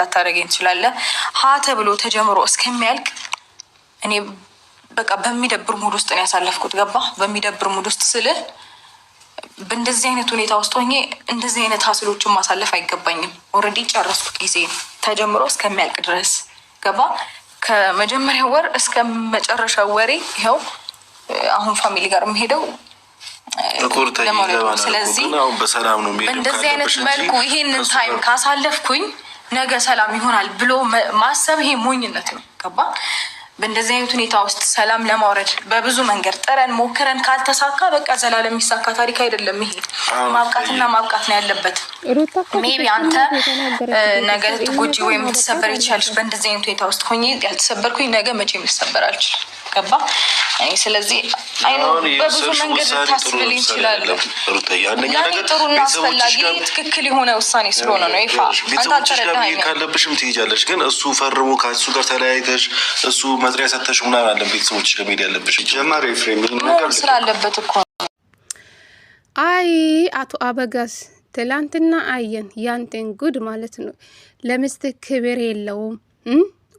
ላታደርገኝ ትችላለህ። ሀ ተብሎ ተጀምሮ እስከሚያልቅ እኔ በቃ በሚደብር ሙድ ውስጥ ነው ያሳለፍኩት። ገባ በሚደብር ሙድ ውስጥ ስልህ በእንደዚህ አይነት ሁኔታ ውስጥ ሆኜ እንደዚህ አይነት ሀስሎችን ማሳለፍ አይገባኝም። ኦልሬዲ ጨረስኩት ጊዜ ተጀምሮ እስከሚያልቅ ድረስ ገባ። ከመጀመሪያ ወር እስከ መጨረሻው ወሬ ይኸው አሁን ፋሚሊ ጋር የምሄደው ለማለት ነው። ስለዚህ በእንደዚህ አይነት መልኩ ይሄንን ታይም ካሳለፍኩኝ ነገ ሰላም ይሆናል ብሎ ማሰብ ይሄ ሞኝነት ነው። ገባ በእንደዚህ አይነት ሁኔታ ውስጥ ሰላም ለማውረድ በብዙ መንገድ ጥረን ሞክረን ካልተሳካ በቃ ዘላለም የሚሳካ ታሪክ አይደለም። ይሄ ማብቃትና ማብቃት ነው ያለበት። ሜቢ አንተ ነገ ልትጎጂ ወይም ልትሰበር ይቻልሽ። በእንደዚህ አይነት ሁኔታ ውስጥ ሆኜ ያልተሰበርኩኝ ነገ መቼም ልሰበር አልችልም። ያስገባ። ስለዚህ በብዙ መንገድ ልታስብል ይችላሉ። ለእኔ ጥሩና አስፈላጊ ትክክል የሆነ ውሳኔ ስለሆነ ነው። ይፋ ቤተሰቦችሽ ካለብሽም ትሄጃለሽ፣ ግን እሱ ፈርሞ ከሱ ጋር ተለያይተሽ እሱ መጥሪያ ሰተሽ ምናምን አለን ቤተሰቦች ጋር ያለብሽ ጀማሪ ፍሬም ስላለበት እኮ አይ አቶ አበጋዝ ትላንትና አየን ያንተን ጉድ ማለት ነው። ለምስት ክብር የለውም።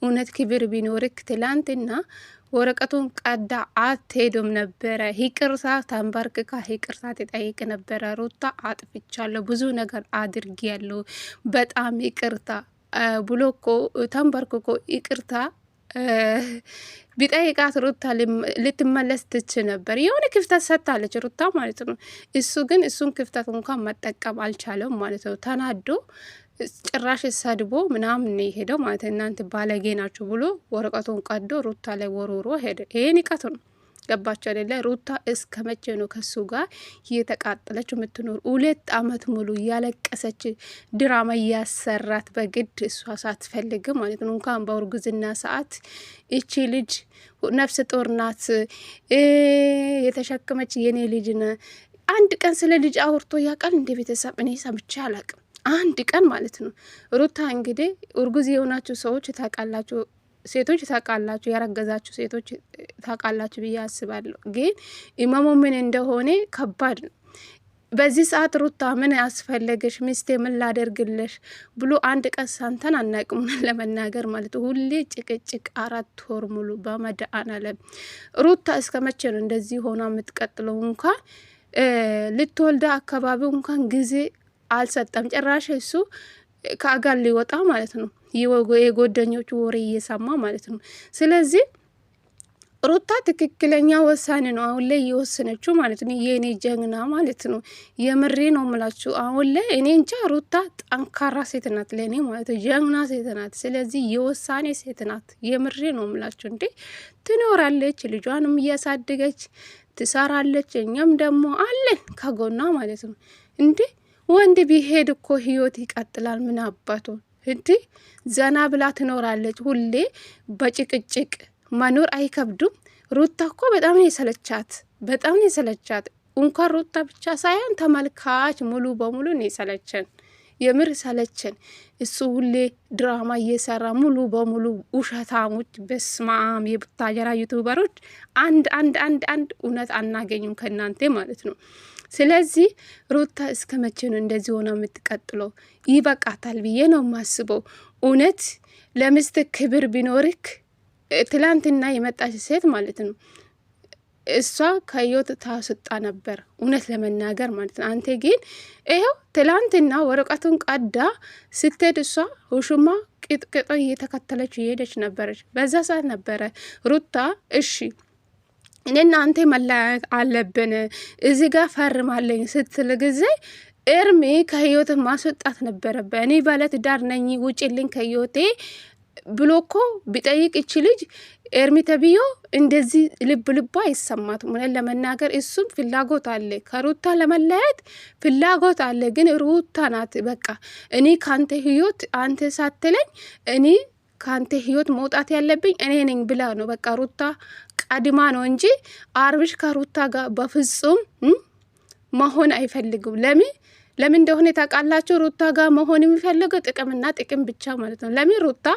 እውነት ክብር ቢኖርክ ትላንትና ወረቀቱን ቀዳ አትሄዱም ነበረ። ይቅርታ ተንበርክካ ይቅርታ ትጠይቅ ነበረ። ሩታ አጥፍቻለሁ፣ ብዙ ነገር አድርጊያለሁ፣ በጣም ይቅርታ ብሎ እኮ ተንበርክኮ ይቅርታ ቢጠይቃት ሩታ ልትመለስ ትች ነበር። የሆነ ክፍተት ሰጥታለች ሩታ ማለት ነው። እሱ ግን እሱን ክፍተት እንኳን መጠቀም አልቻለም ማለት ነው ተናዶ ጭራሽ ሰድቦ ምናምን የሄደው ማለት እናንተ ባለጌ ናችሁ ብሎ ወረቀቱን ቀዶ ሩታ ላይ ወሮሮ ሄደ። ይሄ ንቀት ነው። ገባቸው አይደለ? ሩታ እስከ መቼ ነው ከሱ ጋር እየተቃጠለች የምትኖር? ሁለት አመት ሙሉ እያለቀሰች ድራማ እያሰራት በግድ እሷ ሳትፈልግ ማለት ነው። እንኳን በእርግዝና ሰዓት እቺ ልጅ ነፍስ ጡር ናት የተሸከመች የኔ ልጅ ነ አንድ ቀን ስለ ልጅ አውርቶ ያውቃል እንደ ቤተሰብ እኔ ሰምቼ አላቅም። አንድ ቀን ማለት ነው። ሩታ እንግዲህ እርጉዝ የሆናችሁ ሰዎች ታውቃላችሁ፣ ሴቶች ታውቃላችሁ፣ ያረገዛችሁ ሴቶች ታውቃላችሁ ብዬ አስባለሁ። ግን ህመሙ ምን እንደሆነ ከባድ ነው። በዚህ ሰዓት ሩታ ምን ያስፈለገሽ ሚስቴ፣ ምን ላደርግለሽ ብሎ አንድ ቀን ሳንተን አናቅም ለመናገር ማለት ሁሌ ጭቅጭቅ፣ አራት ወር ሙሉ በመድኃኔ ዓለም ሩታ እስከ መቼ ነው እንደዚህ ሆና የምትቀጥለው? እንኳን ልትወልደ አካባቢው እንኳን ጊዜ አልሰጠም። ጭራሽ እሱ ከአጋር ሊወጣ ማለት ነው፣ የጎደኞቹ ወሬ እየሰማ ማለት ነው። ስለዚህ ሩታ ትክክለኛ ወሳኔ ነው አሁን ላይ እየወሰነችው ማለት ነው። የእኔ ጀግና ማለት ነው። የምሬ ነው ምላችሁ። አሁን ላይ እኔ እንጃ ሩታ ጠንካራ ሴት ናት፣ ለእኔ ማለት ነው። ጀግና ሴት ናት። ስለዚህ የወሳኔ ሴት ናት። የምሬ ነው ምላችሁ። እንዴ ትኖራለች፣ ልጇንም እያሳደገች ትሰራለች። እኛም ደግሞ አለን ከጎኗ ማለት ነው እንዴ ወንድ ቢሄድ እኮ ህይወት ይቀጥላል። ምን አባቱ እንዲ ዘና ብላ ትኖራለች። ሁሌ በጭቅጭቅ መኖር አይከብዱም። ሩታ እኮ በጣም የሰለቻት፣ በጣም የሰለቻት። እንኳን ሩታ ብቻ ሳይሆን ተመልካች ሙሉ በሙሉ ነው የሰለችን። የምር ሰለችን። እሱ ሁሌ ድራማ እየሰራ ሙሉ በሙሉ ውሸታሞች። በስማም የቡታጀራ ዩቱበሮች አንድ አንድ አንድ አንድ እውነት አናገኙም ከእናንተ ማለት ነው። ስለዚህ ሩታ እስከ መቼ ነው እንደዚህ ሆና የምትቀጥለው? ይበቃታል ብዬ ነው የማስበው። እውነት ለምስት ክብር ቢኖርክ ትላንትና የመጣች ሴት ማለት ነው እሷ ከህይወት ታስጣ ነበር እውነት ለመናገር ማለት ነው። አንተ ግን ይኸው ትላንትና ወረቀቱን ቀዳ ስትሄድ እሷ ውሽማ ቅጥቅጦ እየተከተለች እየሄደች ነበረች። በዛ ሰዓት ነበረ ሩታ እሺ እኔና አንተ መለያየት አለብን እዚ ጋር ፈርማለኝ ስትል ጊዜ እርሜ ከህይወት ማስወጣት ነበረበት። እኔ ባለትዳር ነኝ ውጭልኝ ከህይወቴ ብሎኮ ቢጠይቅ ይች ልጅ ኤርሚ ተብዮ እንደዚህ ልብ ልቧ አይሰማትም። እውነት ለመናገር እሱም ፍላጎት አለ፣ ከሩታ ለመለያየት ፍላጎት አለ። ግን ሩታ ናት በቃ እኔ ከአንተ ህይወት አንተ ሳትለኝ እኔ ከአንተ ህይወት መውጣት ያለብኝ እኔ ነኝ ብላ ነው በቃ ሩታ ቀድማ ነው እንጂ አብርሽ ከሩታ ጋር በፍጹም መሆን አይፈልግም። ለምን ለምን እንደሆነ ታውቃላችሁ? ሩታ ጋር መሆን የሚፈልገው ጥቅምና ጥቅም ብቻ ማለት ነው። ለምን ሩታ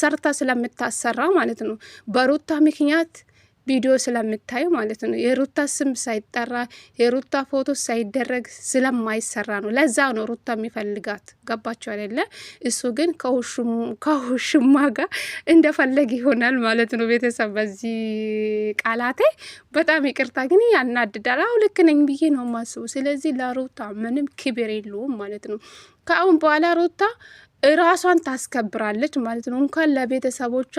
ሰርታ ስለምታሰራ ማለት ነው። በሩታ ምክንያት ቪዲዮ ስለምታዩ ማለት ነው። የሩታ ስም ሳይጠራ የሩታ ፎቶ ሳይደረግ ስለማይሰራ ነው። ለዛ ነው ሩታ የሚፈልጋት ገባቸው አይደለ? እሱ ግን ከውሽማ ጋር እንደፈለግ ይሆናል ማለት ነው። ቤተሰብ በዚህ ቃላቴ በጣም ይቅርታ፣ ግን ያናድዳል። አሁ ልክ ነኝ ብዬ ነው ማስቡ። ስለዚህ ለሩታ ምንም ክብር የለውም ማለት ነው። ከአሁን በኋላ ሩታ ራሷን ታስከብራለች ማለት ነው። እንኳን ለቤተሰቦቿ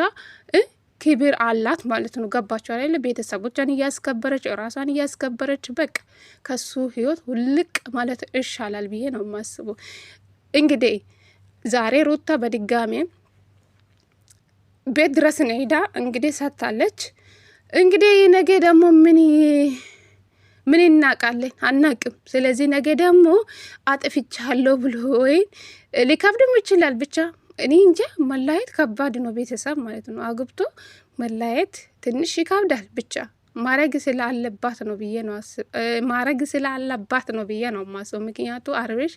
ክብር አላት ማለት ነው። ገባቸው አይደለ? ቤተሰቦቿን እያስከበረች ራሷን እያስከበረች በቃ ከሱ ህይወት ውልቅ ማለት ይሻላል ብዬ ነው የማስቡ። እንግዲህ ዛሬ ሩታ በድጋሜ ቤት ድረስ ነሄዳ እንግዲህ ሰታለች። እንግዲህ ነገ ደግሞ ምን ምን እናውቃለን? አናቅም። ስለዚህ ነገ ደግሞ አጥፍቻለሁ ብሎ ወይ ሊከብድም ይችላል ብቻ እኔ እንጃ መለያየት ከባድ ነው። ቤተሰብ ማለት ነው አግብቶ መለያየት ትንሽ ይከብዳል። ብቻ ማረግ ስላለባት ነው ብዬ ነው ማረግ ስላለባት ነው ብዬ ነው ማሰው። ምክንያቱ አብርሽ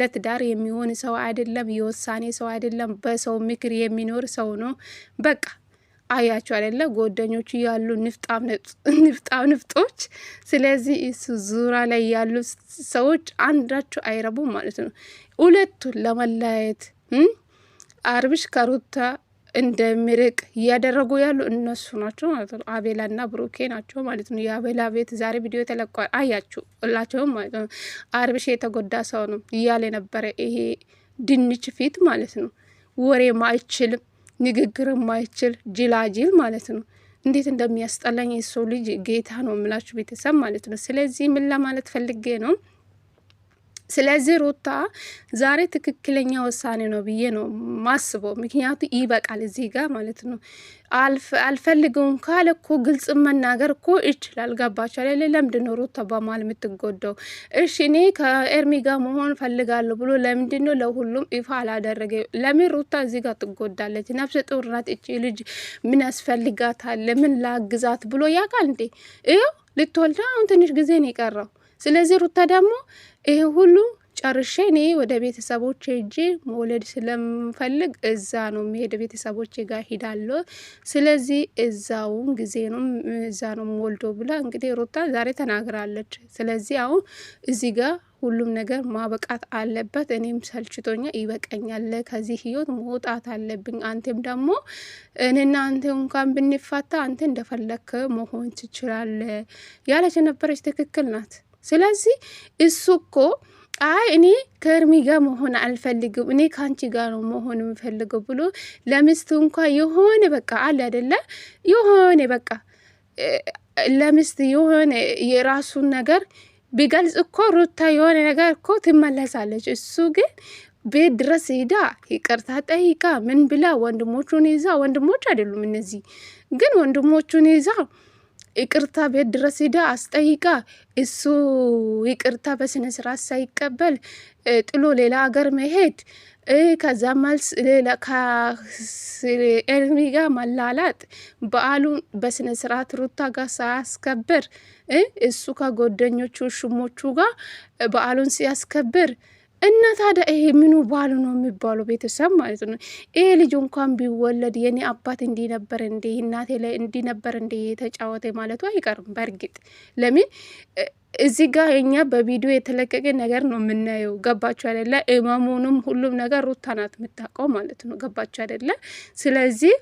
ለትዳር የሚሆን ሰው አይደለም፣ የውሳኔ ሰው አይደለም፣ በሰው ምክር የሚኖር ሰው ነው። በቃ አያቸው አይደለ ጓደኞቹ ያሉ ንፍጣ ንፍጦች። ስለዚህ እሱ ዙራ ላይ ያሉ ሰዎች አንዳቸው አይረቡም ማለት ነው ሁለቱ ለመለያየት አብርሽ ከሩታ እንደሚርቅ እያደረጉ ያሉ እነሱ ናቸው ማለት ነው። አቤላ እና ብሩኬ ናቸው ማለት ነው። የአቤላ ቤት ዛሬ ቪዲዮ ተለቋል። አያችሁ እላቸውም ማለት ነው። አብርሽ የተጎዳ ሰው ነው እያለ ነበረ። ይሄ ድንች ፊት ማለት ነው። ወሬ ማይችልም፣ ንግግር ማይችል ጅላጅል ማለት ነው። እንዴት እንደሚያስጠላኝ የሰው ልጅ ጌታ ነው የምላችሁ ቤተሰብ ማለት ነው። ስለዚህ ምን ለማለት ፈልጌ ነው ስለዚህ ሩታ ዛሬ ትክክለኛ ውሳኔ ነው ብዬ ነው ማስበው። ምክንያቱ ይበቃል፣ እዚህ ጋር ማለት ነው። አልፈልገውም ካለ እኮ ግልጽ መናገር እኮ ይችላል። ገባቸው ሌ ለምንድን ነው ሩታ በማል የምትጎደው? እሺ እኔ ከኤርሚ ጋር መሆን ፈልጋለሁ ብሎ ለምንድን ነው ለሁሉም ይፋ አላደረገ? ለምን ሩታ እዚህ ጋር ትጎዳለች? ነፍሰ ጡር ናት እቺ ልጅ፣ ምን ያስፈልጋታል? ለምን ላግዛት ብሎ ያውቃል እንዴ? ይኸው ልትወልዳ አሁን ትንሽ ጊዜ ነው የቀረው ስለዚህ ሩታ ደግሞ ይሄ ሁሉ ጨርሼ እኔ ወደ ቤተሰቦቼ እጄ መውለድ ስለምፈልግ እዛ ነው የሚሄድ ቤተሰቦቼ ጋር ሂዳለሁ። ስለዚህ እዛውን ጊዜ ነው እዛ ነው ወልዶ ብላ እንግዲህ ሩታ ዛሬ ተናግራለች። ስለዚህ አሁን እዚህ ጋር ሁሉም ነገር ማበቃት አለበት። እኔም ሰልችቶኛ ይበቀኛል፣ ከዚህ ህይወት መውጣት አለብኝ። አንተም ደግሞ እኔና አንተ እንኳን ብንፋታ አንተ እንደፈለክ መሆን ትችላለ ያለች ነበረች። ትክክል ናት። ስለዚህ እሱ እኮ አይ እኔ ከእርሚ ጋር መሆን አልፈልግም፣ እኔ ከአንቺ ጋር ነው መሆን የምፈልገው ብሎ ለሚስቱ እንኳ የሆነ በቃ አለ አደለ የሆነ በቃ ለሚስት የሆነ የራሱን ነገር ቢገልጽ እኮ ሩታ የሆነ ነገር እኮ ትመለሳለች። እሱ ግን ቤት ድረስ ሄዳ ይቅርታ ጠይቃ ምን ብላ ወንድሞቹን ይዛ ወንድሞች አይደሉም እነዚህ ግን ወንድሞቹን ይዛ ይቅርታ ቤት ድረስ ሂዳ አስጠይቃ እሱ ይቅርታ በስነ ስርዓት ሳይቀበል ጥሎ ሌላ ሀገር መሄድ ከዛ መልስ ሌላ ከኤርሚ ጋር መላላጥ በዓሉን በስነ ስርዓት ሩታ ጋር ሳያስከብር እሱ ከጓደኞቹ ሽሞቹ ጋር በዓሉን ሲያስከብር እና ታዲያ ይሄ ምኑ ባሉ ነው የሚባለው? ቤተሰብ ማለት ነው። ይሄ ልጅ እንኳን ቢወለድ የኔ አባት እንዲህ ነበር እንዴ እናቴ ላይ እንዲነበር ነበር እንዴ የተጫወተ ማለቱ አይቀርም። በእርግጥ ለምን እዚህ ጋር እኛ በቪዲዮ የተለቀቀ ነገር ነው የምናየው። ገባችሁ አይደለ? እማሙንም ሁሉም ነገር ሩታ ናት የምታውቀው ማለት ነው። ገባችሁ አይደለ? ስለዚህ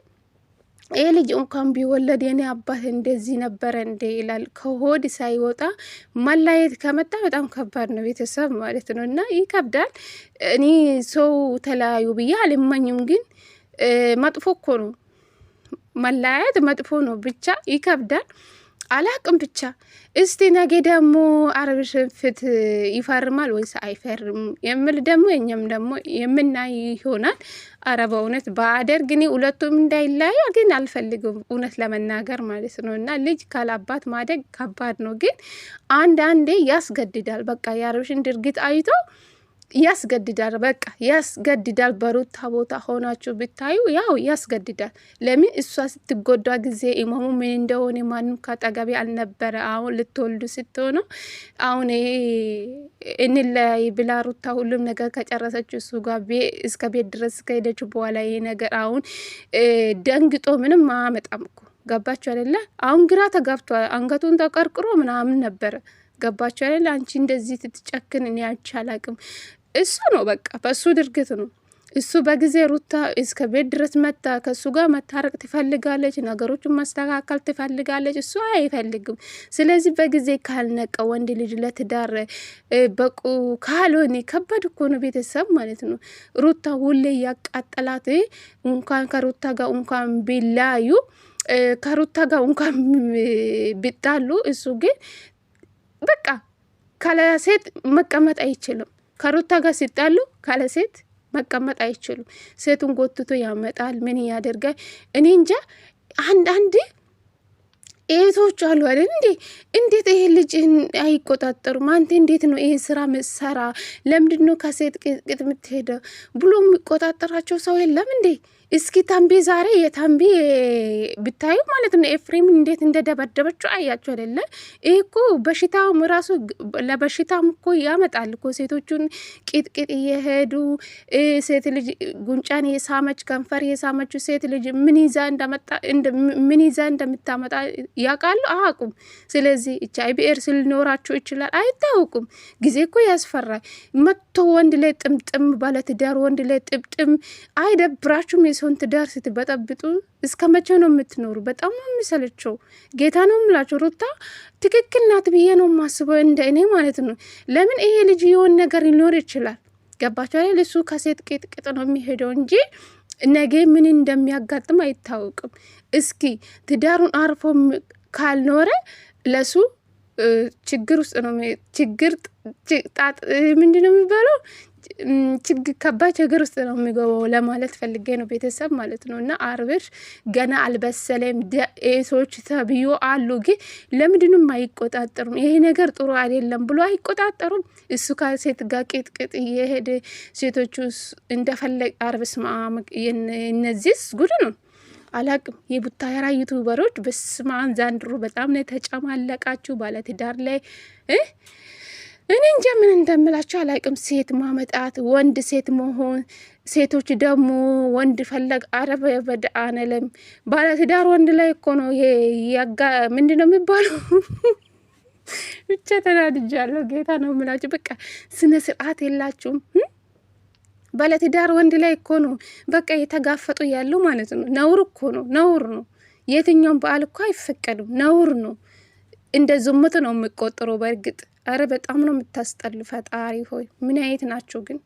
ይህ ልጅ እንኳን ቢወለድ የኔ አባት እንደዚህ ነበረ እንደ ይላል። ከሆድ ሳይወጣ መላየት ከመጣ በጣም ከባድ ነው፣ ቤተሰብ ማለት ነው። እና ይከብዳል። እኔ ሰው ተለያዩ ብዬ አልመኝም፣ ግን መጥፎ እኮ ነው መለያየት፣ መጥፎ ነው። ብቻ ይከብዳል። አላቅም ብቻ እስቲ ነገ ደግሞ አብርሽ ፍት ይፈርማል ወይስ አይፈርም የምል ደግሞ የኛም ደግሞ የምናይ ይሆናል። አረ በእውነት በአደር እኔ ሁለቱም እንዳይለያዩ ግን አልፈልግም እውነት ለመናገር ማለት ነው። እና ልጅ ካላባት ማደግ ከባድ ነው፣ ግን አንዳንዴ ያስገድዳል። በቃ የአብርሽን ድርጊት አይቶ ያስገድዳል በቃ ያስገድዳል። በሩታ ቦታ ሆናችሁ ብታዩ ያው ያስገድዳል። ለምን እሷ ስትጎዳ ጊዜ ኢማሙ ምን እንደሆነ ማንም ከጠገቢ አልነበረ። አሁን ልትወልዱ ስትሆኑ አሁን እንለያይ ብላ ሩታ ሁሉም ነገር ከጨረሰችው እሱ ጋር እስከ ቤት ድረስ ከሄደች በኋላ ይሄ ነገር አሁን ደንግጦ ምንም አያመጣም እኮ ገባችሁ አይደለ? አሁን ግራ ተጋብቷል። አንገቱን ተቀርቅሮ ምናምን ነበረ ገባችሁ አይደል? አንቺ እንደዚህ ትትጨክን እኔ አንቺ አላቅም። እሱ ነው በቃ በእሱ ድርግት ነው እሱ በጊዜ ሩታ እስከ ቤት ድረስ መታ ከእሱ ጋር መታረቅ ትፈልጋለች፣ ነገሮችን ማስተካከል ትፈልጋለች። እሱ አይፈልግም። ስለዚህ በጊዜ ካልነቀ ወንድ ልጅ ለትዳር በቁ ካልሆነ ከበድ እኮ ነው ቤተሰብ ማለት ነው። ሩታ ሁሌ እያቃጠላት እንኳን ከሩታ ጋር እንኳን ቢላዩ ከሩታ ጋር እንኳን ቢጣሉ እሱ ግን በቃ ካለ ሴት መቀመጥ አይችልም። ከሩታ ጋር ሲጣሉ ካለ ሴት መቀመጥ አይችሉም። ሴቱን ጎትቶ ያመጣል፣ ምን ያደርጋል? እኔ እንጃ አንድ አንዴ እህቶች አሉ አይደል እንዴ? እንዴት ይሄ ልጅ አይቆጣጠሩም? አንተ እንዴት ነው ይሄ ስራ መሰራ? ለምንድን ነው ከሴት ቅጥቅጥ የምትሄደው ብሎ የሚቆጣጠራቸው ሰው የለም እንዴ? እስኪ ታንቢ ዛሬ የታንቢ ብታዩ ማለት ነው ኤፍሬም እንዴት እንደደበደበችው አያቸው አይደለ? ይህ እኮ በሽታም ራሱ ለበሽታም እኮ ያመጣል እኮ ሴቶቹን ቂጥቂጥ እየሄዱ ሴት ልጅ ጉንጫን የሳመች ከንፈር የሳመችው ሴት ልጅ ምን ይዛ እንደምታመጣ ያውቃሉ? አያውቁም። ስለዚህ እቻ አይቢኤር ስልኖራችሁ ይችላል አይታወቁም። ጊዜ እኮ ያስፈራ መጥቶ ወንድ ላይ ጥምጥም ባለትዳር ወንድ ላይ ጥምጥም አይደብራችሁም? የሰውን ትዳር ስትበጠብጡ እስከ መቼ ነው የምትኖሩ? በጣም ነው የሚሰለቸው። ጌታ ነው የምላቸው። ሩታ ትክክል ናት ብዬ ነው ማስበው፣ እንደ እኔ ማለት ነው። ለምን ይሄ ልጅ የሆን ነገር ሊኖር ይችላል። ገባቸው ላይ ልሱ ከሴት ቂጥቂጥ ነው የሚሄደው እንጂ ነገ ምን እንደሚያጋጥም አይታወቅም። እስኪ ትዳሩን አርፎ ካልኖረ ለሱ ችግር ውስጥ ነው ችግር ምንድን የሚባለው ችግ ከባድ ችግር ውስጥ ነው የሚገባው ለማለት ፈልጌ ነው ቤተሰብ ማለት ነው። እና አብርሽ ገና አልበሰለም። ሰዎች ተብዮ አሉ፣ ግን ለምንድንም አይቆጣጠሩም። ይሄ ነገር ጥሩ አይደለም ብሎ አይቆጣጠሩም። እሱ ከሴት ጋር ቅጥቅጥ እየሄደ ሴቶቹ እንደፈለግ አርብስ ማምቅ እነዚህስ ጉድ ነው። አላቅም የቡታየራ ዩቱበሮች በስማን ዘንድሮ በጣም ነው የተጨማለቃችሁ ባለትዳር ላይ እኔ እንጃ ምን እንደምላቸው አላቅም ሴት ማመጣት ወንድ ሴት መሆን ሴቶች ደግሞ ወንድ ፈለግ አረብ አነለም ባለትዳር ወንድ ላይ እኮ ነው ያጋ ምንድን ነው የሚባለው? ብቻ ተናድጃለሁ። ጌታ ነው ምላቸው። በቃ ስነ ስርዓት የላችሁም። ባለትዳር ወንድ ላይ እኮ ነው በቃ የተጋፈጡ ያለው ማለት ነው። ነውር እኮ ነው፣ ነውር ነው። የትኛውም በዓል እኮ አይፈቀዱም፣ ነውር ነው። እንደ ዝሙት ነው የሚቆጠረው በእርግጥ እረ በጣም ነው የምታስጠሉ። ፈጣሪ ሆይ ምን አይነት ናቸው ግን?